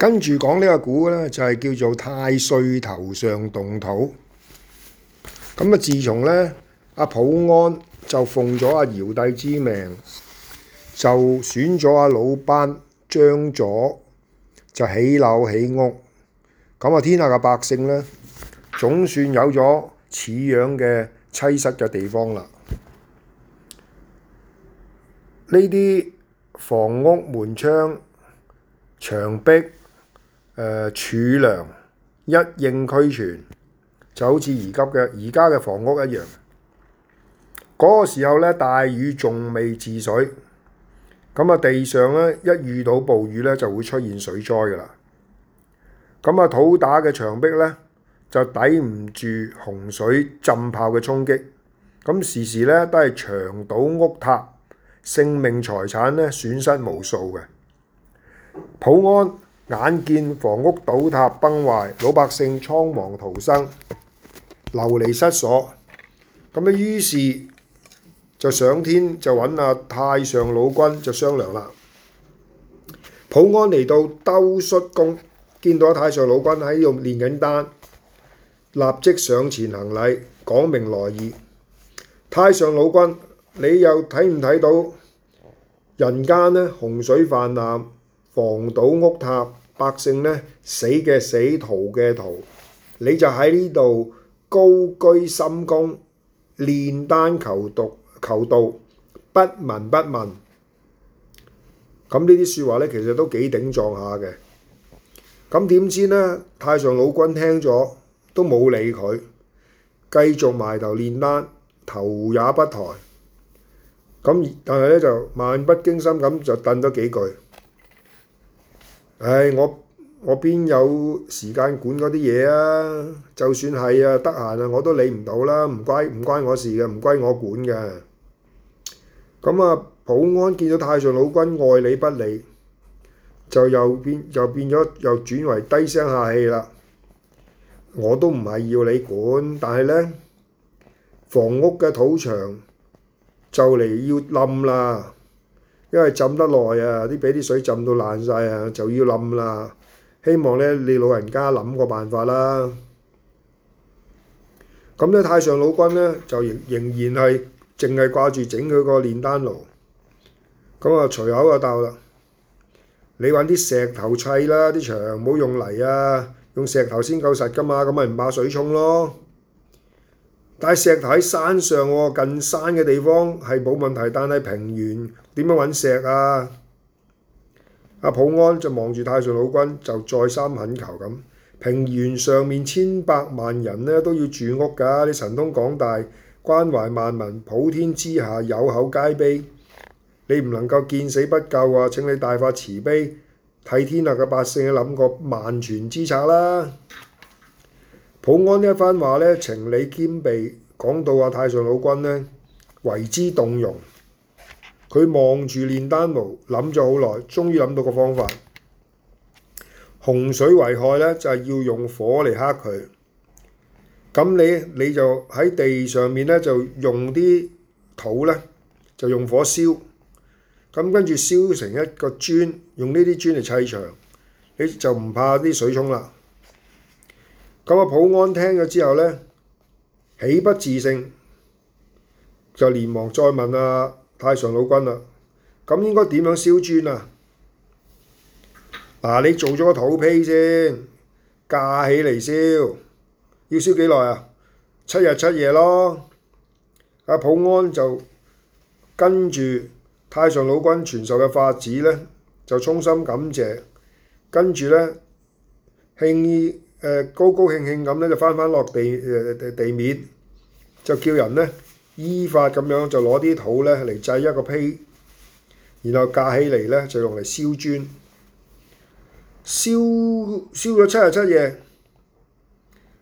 跟住講呢個故事呢，就係、是、叫做太歲頭上動土。咁啊，自從呢，阿、啊、普安就奉咗阿堯帝之命，就選咗阿魯班張咗就起樓起屋。咁啊，天下嘅百姓呢，總算有咗似樣嘅棲息嘅地方啦。呢啲房屋門窗牆壁，誒、呃、儲糧一應俱全，就好似而家嘅而家嘅房屋一樣。嗰、那個時候咧，大禹仲未治水，咁啊地上咧一遇到暴雨咧，就會出現水災噶啦。咁啊土打嘅牆壁咧就抵唔住洪水浸泡嘅衝擊，咁時時咧都係牆倒屋塌，性命財產咧損失無數嘅普安。眼見房屋倒塌崩壞，老百姓倉皇逃生，流離失所。咁咧，於是就上天就揾阿太上老君就商量啦。普安嚟到兜率宮，見到太上老君喺度練緊丹，立即上前行禮，講明來意。「太上老君，你又睇唔睇到人間呢洪水泛濫，房倒屋塌？」百姓呢死嘅死，逃嘅逃，你就喺呢度高居深宮，煉丹求道，求道不聞不問。咁呢啲説話呢，其實都幾頂撞下嘅。咁點知呢？太上老君聽咗都冇理佢，繼續埋頭煉丹，頭也不抬。咁但係呢，就漫不經心咁就掟咗幾句。唉，我我邊有時間管嗰啲嘢啊？就算係啊，得閒啊，我都理唔到啦，唔關唔關我事嘅，唔關我管嘅。咁啊，保安見到太上老君愛理不理，就又變又變咗，又轉為低聲下氣啦。我都唔係要你管，但係呢，房屋嘅土牆就嚟要冧啦。因為浸得耐啊，啲俾啲水浸到爛晒啊，就要冧啦。希望咧，你老人家諗個辦法啦。咁咧，太上老君咧就仍然係淨係掛住整佢個煉丹爐。咁啊，隨口就逗啦，你揾啲石頭砌啦，啲牆唔好用泥啊，用石頭先夠實㗎嘛。咁咪唔怕水沖咯。但係石頭喺山上喎、哦，近山嘅地方係冇問題。但係平原點樣揾石啊？阿普安就望住太上老君，就再三懇求咁。平原上面千百萬人咧都要住屋㗎、啊，你神通廣大，關懷萬民，普天之下有口皆碑。你唔能夠見死不救啊！請你大發慈悲，替天下嘅百姓諗個萬全之策啦！普安呢一番話咧，情理兼備，講到阿太上老君咧為之動容。佢望住煉丹爐，諗咗好耐，終於諗到個方法。洪水為害咧，就係、是、要用火嚟剋佢。咁你你就喺地上面咧，就用啲土咧，就用火燒。咁跟住燒成一個磚，用呢啲磚嚟砌牆，你就唔怕啲水沖啦。咁啊！普安聽咗之後呢，喜不自勝，就連忙再問阿、啊、太上老君啦、啊，咁應該點樣燒磚啊？嗱、啊，你做咗個土坯先，架起嚟燒，要燒幾耐啊？七日七夜咯。阿、啊、普安就跟住太上老君傳授嘅法子咧，就衷心感謝。跟住咧，輕易。誒高高興興咁咧，就翻返落地，誒地面地面，就叫人咧，依法咁樣就攞啲土咧嚟製一個坯，然後架起嚟咧就用嚟燒磚。燒燒咗七日七夜，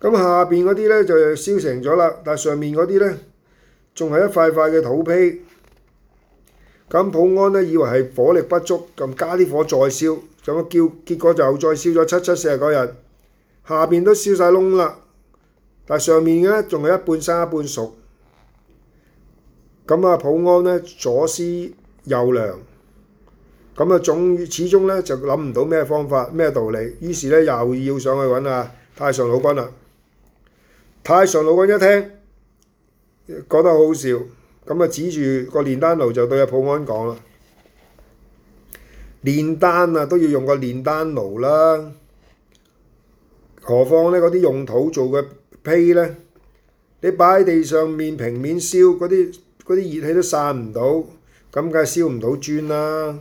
咁下邊嗰啲咧就燒成咗啦，但係上面嗰啲咧仲係一塊塊嘅土坯。咁保安咧以為係火力不足，咁加啲火再燒，咁叫結果就再燒咗七七四十九日。下面都燒晒窿啦，但上面呢仲係一半生一半熟。咁啊，普安呢左思右量，咁啊總始終呢就諗唔到咩方法咩道理，於是呢又要上去揾阿太上老君啦。太上老君一聽覺得好好笑，咁啊指住個煉丹爐就對阿普安講啦：煉丹啊都要用個煉丹爐啦。何況咧嗰啲用土做嘅坯咧，你擺喺地上面平面燒嗰啲，啲熱氣都散唔到，咁梗係燒唔到磚啦。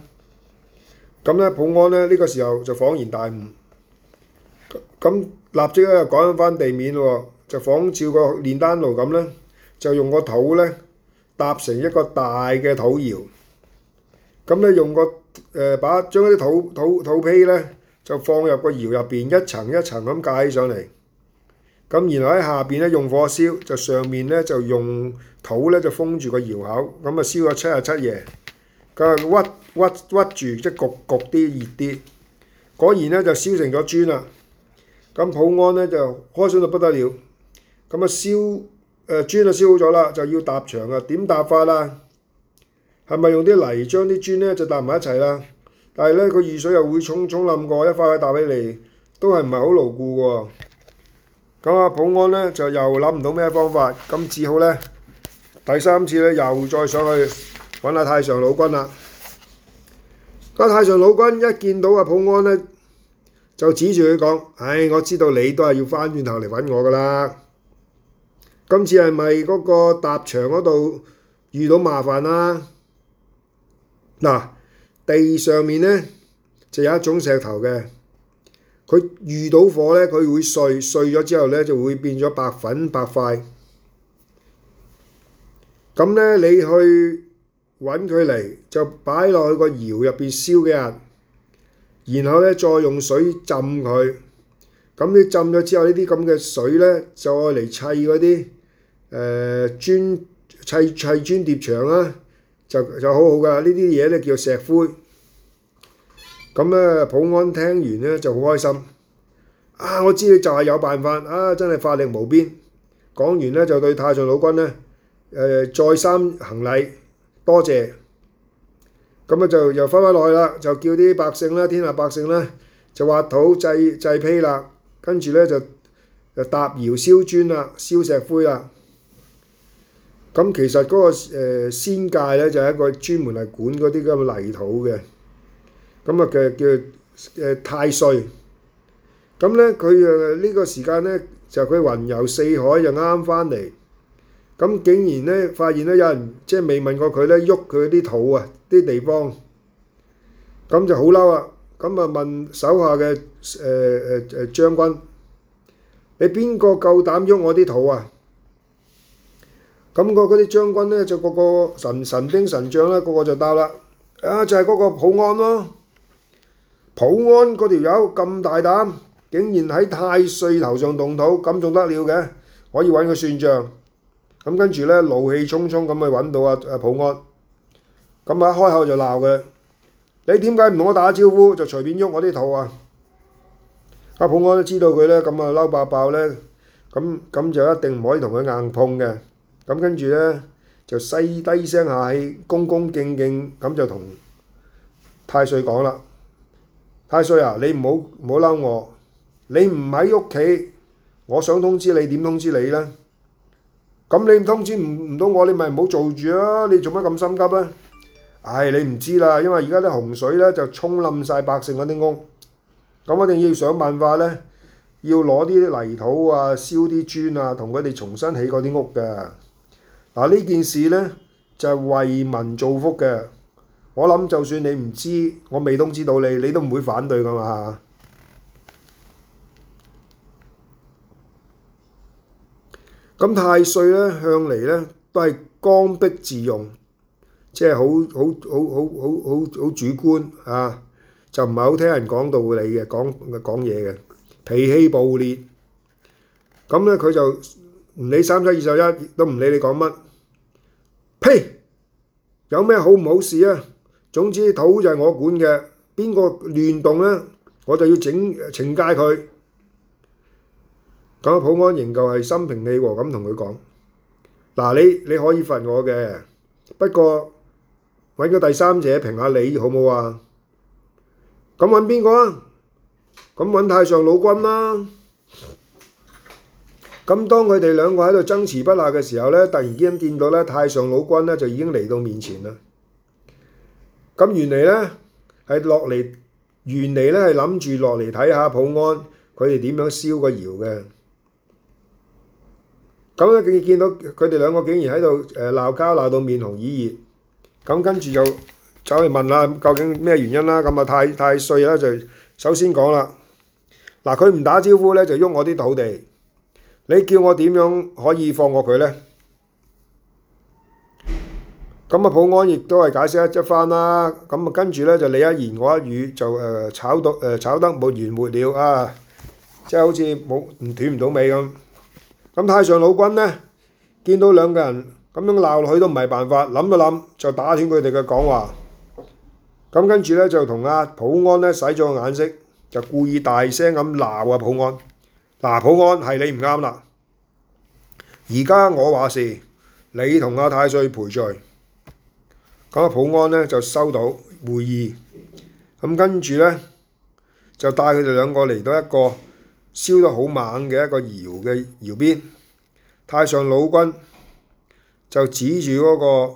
咁咧普安咧呢、呢個時候就恍然大悟，咁立即咧又趕翻地面喎，就仿照個煉丹爐咁咧，就用個土咧搭成一個大嘅土窯。咁咧用個誒、呃、把將啲土土土坯咧。就放入個窯入邊，一層一層咁架起上嚟，咁然後喺下邊咧用火燒，就上面咧就用土咧就封住個窯口，咁啊燒咗七日七夜，佢屈屈屈，屈住即焗焗一焗焗啲熱啲，果然咧就燒成咗磚啦。咁普安咧就開心到不得了。咁啊燒誒、呃、磚就燒咗啦，就要搭牆啊，點搭法啊？係咪用啲泥將啲磚咧就搭埋一齊啦？但係呢個雨水又會沖沖冧過，一塊佢搭起嚟都係唔係好牢固喎。咁阿普安呢，就又諗唔到咩方法，咁只好呢，第三次呢，又再上去揾下太上老君啦。咁太上老君一見到阿普安呢，就指住佢講：唉、哎，我知道你都係要翻轉頭嚟揾我㗎啦。今次係咪嗰個搭場嗰度遇到麻煩啦、啊？嗱。地上面呢，就有一種石頭嘅，佢遇到火呢，佢會碎，碎咗之後呢，就會變咗白粉白塊。咁呢，你去揾佢嚟就擺落去個窯入邊燒幾日，然後呢，再用水浸佢。咁你浸咗之後呢啲咁嘅水呢，再嚟砌嗰啲誒磚砌砌磚疊牆啦。就就好好噶，呢啲嘢咧叫石灰。咁咧，普安聽完咧就好開心。啊，我知你就係有辦法啊，真係法力無邊。講完咧就對太上老君咧誒、呃、再三行禮，多謝。咁啊就又返返落去啦，就叫啲百姓啦，天下百姓啦，就挖土製製坯啦，跟住咧就就搭窯燒磚啦，燒石灰啦。咁其實嗰個誒仙界咧就係一個專門係管嗰啲咁嘅泥土嘅，咁啊嘅叫誒太歲。咁咧佢誒呢個時間咧就佢雲遊四海就啱啱翻嚟，咁竟然咧發現咧有人即係未問過佢咧喐佢啲土啊啲地方，咁就好嬲啊！咁啊問手下嘅誒誒誒將軍：你邊個夠膽喐我啲土啊？咁個嗰啲將軍咧，就個個神神兵神將咧，個個就答啦。啊，就係、是、嗰個普安咯。普安嗰條友咁大膽，竟然喺太歲頭上動土，咁仲得了嘅？可以揾佢算賬。咁、啊、跟住咧，怒氣沖沖咁去揾到阿、啊、普安，咁啊一開口就鬧佢：「你點解唔同我打招呼，就隨便喐我啲土啊？」阿、啊、普安都知道佢咧，咁啊嬲爆爆咧，咁咁就一定唔可以同佢硬碰嘅。咁跟住咧就細低聲下氣、恭恭敬敬咁就同太歲講啦。太歲啊，你唔好唔好嬲我，你唔喺屋企，我想通知你點通知你咧？咁你唔通知唔唔到我，你咪唔好做住咯、啊。你做乜咁心急啊？唉、哎，你唔知啦，因為而家啲洪水咧就沖冧晒百姓嗰啲屋，咁我一定要想辦法咧，要攞啲泥土啊、燒啲磚啊，同佢哋重新起嗰啲屋㗎。嗱呢、啊、件事咧就係、是、為民造福嘅，我諗就算你唔知，我未通知到你，你都唔會反對㗎嘛。咁太歲咧向嚟咧都係剛愎自用，即係好好好好好好好主觀啊，就唔係好聽人講道理嘅，講講嘢嘅，脾氣暴烈。咁咧佢就～唔理三七二十一，都唔理你講乜。呸！有咩好唔好事啊？總之土就係我管嘅，邊個亂動咧，我就要整懲戒佢。咁普安仍舊係心平氣和咁同佢講：嗱，啊，你你可以罰我嘅，不過揾個第三者評下你好唔好啊？咁揾邊個啊？咁揾太上老君啦，啊。咁當佢哋兩個喺度爭持不下嘅時候咧，突然之間見到咧太上老君咧就已經嚟到面前啦。咁原嚟咧係落嚟，原嚟咧係諗住落嚟睇下普安佢哋點樣燒個窯嘅。咁咧見見到佢哋兩個竟然喺度誒鬧交，鬧到面紅耳熱。咁跟住就走去問下究竟咩原因啦？咁啊，太太歲咧就首先講啦，嗱佢唔打招呼咧就喐我啲土地。你叫我點樣可以放過佢咧？咁啊，普安亦都係解釋一番啦。咁啊，跟住咧就你一言我一語，就誒炒到誒炒得沒完沒了啊！即係好似冇唔斷唔到尾咁。咁太上老君咧，見到兩個人咁樣鬧落去都唔係辦法，諗一諗就打斷佢哋嘅講話。咁跟住咧就同阿普安咧使咗個眼色，就故意大聲咁鬧啊普安。嗱，普安係你唔啱啦，而家我話事，你同阿太歲賠罪，咁啊普安呢，就收到會議，咁跟住呢，就帶佢哋兩個嚟到一個燒得好猛嘅一個窯嘅窯邊，太上老君就指住嗰個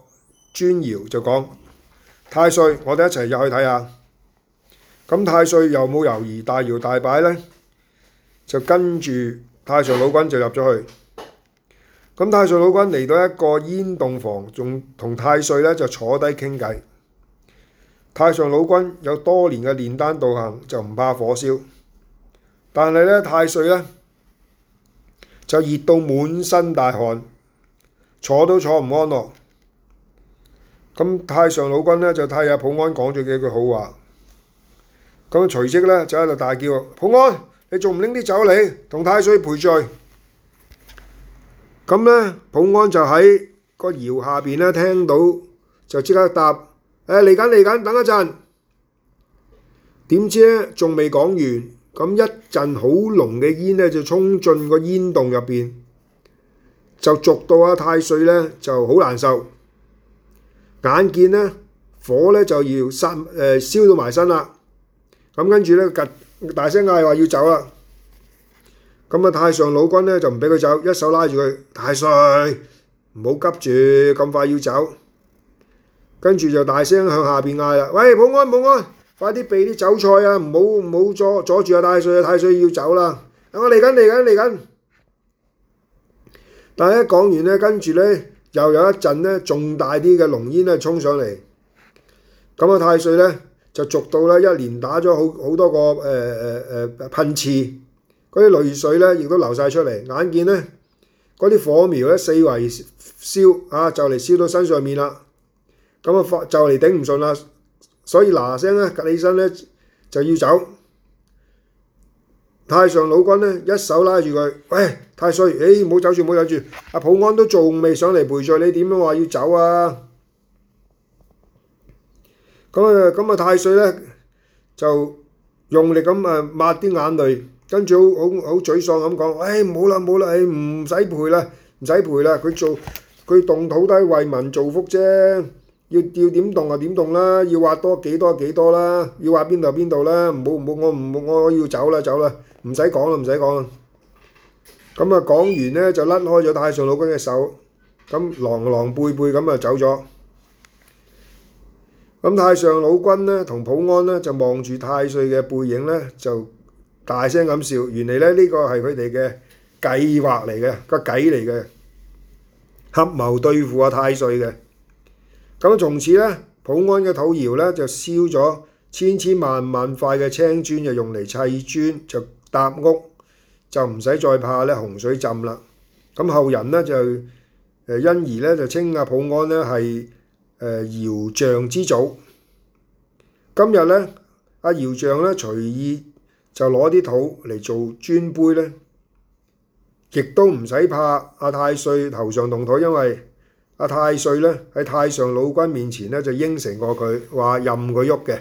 磚窯就講，太歲，我哋一齊入去睇下，咁太歲有冇猶豫，大搖大擺呢？就跟住太上老君就入咗去，咁太上老君嚟到一個煙洞房，仲同太歲咧就坐低傾偈。太上老君有多年嘅煉丹道行，就唔怕火燒，但係咧太歲咧就熱到滿身大汗，坐都坐唔安樂。咁太上老君咧就替阿普安講咗幾句好話，咁隨即咧就喺度大叫：普安！你仲唔拎啲酒嚟同太歲賠罪？咁咧，普安就喺個搖下邊咧，聽到就即刻答：，誒嚟緊嚟緊，等一陣。點知咧，仲未講完，咁一陣好濃嘅煙咧就衝進個煙洞入邊，就逐到阿太歲咧就好難受。眼見咧火咧就要殺誒燒到埋身啦，咁跟住咧隔。大聲嗌話要走啦，咁啊太上老君呢，就唔俾佢走，一手拉住佢。太歲，唔好急住咁快要走，跟住就大聲向下邊嗌啦：，喂，保安保安，快啲備啲酒菜啊！唔好唔好阻住阿太歲啊！太歲，啊、要走啦！我嚟緊嚟緊嚟緊。但係一講完呢，跟住呢，又有一陣呢，重大啲嘅濃煙呢衝上嚟，咁啊太歲呢。就逐到啦，一連打咗好好多個誒誒誒噴嚏，嗰啲淚水咧亦都流晒出嚟。眼見咧嗰啲火苗咧四圍燒啊，就嚟燒到身上面啦。咁啊，就嚟頂唔順啦，所以嗱嗱聲咧趷起身咧就要走。太上老君咧一手拉住佢，喂，太歲，誒唔好走住，唔好走住。阿普安都仲未上嚟陪住你，點樣話要走啊？咁啊，咁啊，太歲咧就用力咁啊抹啲眼淚，跟住好好好沮喪咁講：唉，唔好啦唔好啦，唉唔使賠啦，唔使賠啦！佢做佢動土都係為民造福啫，要要點動就點動啦，要挖多幾多幾多啦，要挖邊度邊度啦，唔好唔好我唔好我我要走啦走啦，唔使講啦唔使講啦。咁啊講完咧就甩開咗太上老君嘅手，咁狼狼狽狽咁啊走咗。咁太上老君咧同普安咧就望住太歲嘅背影咧就大聲咁笑，原嚟咧呢個係佢哋嘅計劃嚟嘅，個計嚟嘅，合謀對付阿太歲嘅。咁從此咧，普安嘅土窯咧就燒咗千千萬萬塊嘅青磚，就用嚟砌磚，就搭屋，就唔使再怕咧洪水浸啦。咁後人咧就誒因而咧就稱阿普安咧係誒窯匠之祖，今日咧，阿窯匠咧隨意就攞啲土嚟做尊杯咧，亦都唔使怕阿、啊、太歲頭上動土，因為阿、啊、太歲咧喺太上老君面前咧就應承過佢，話任佢喐嘅。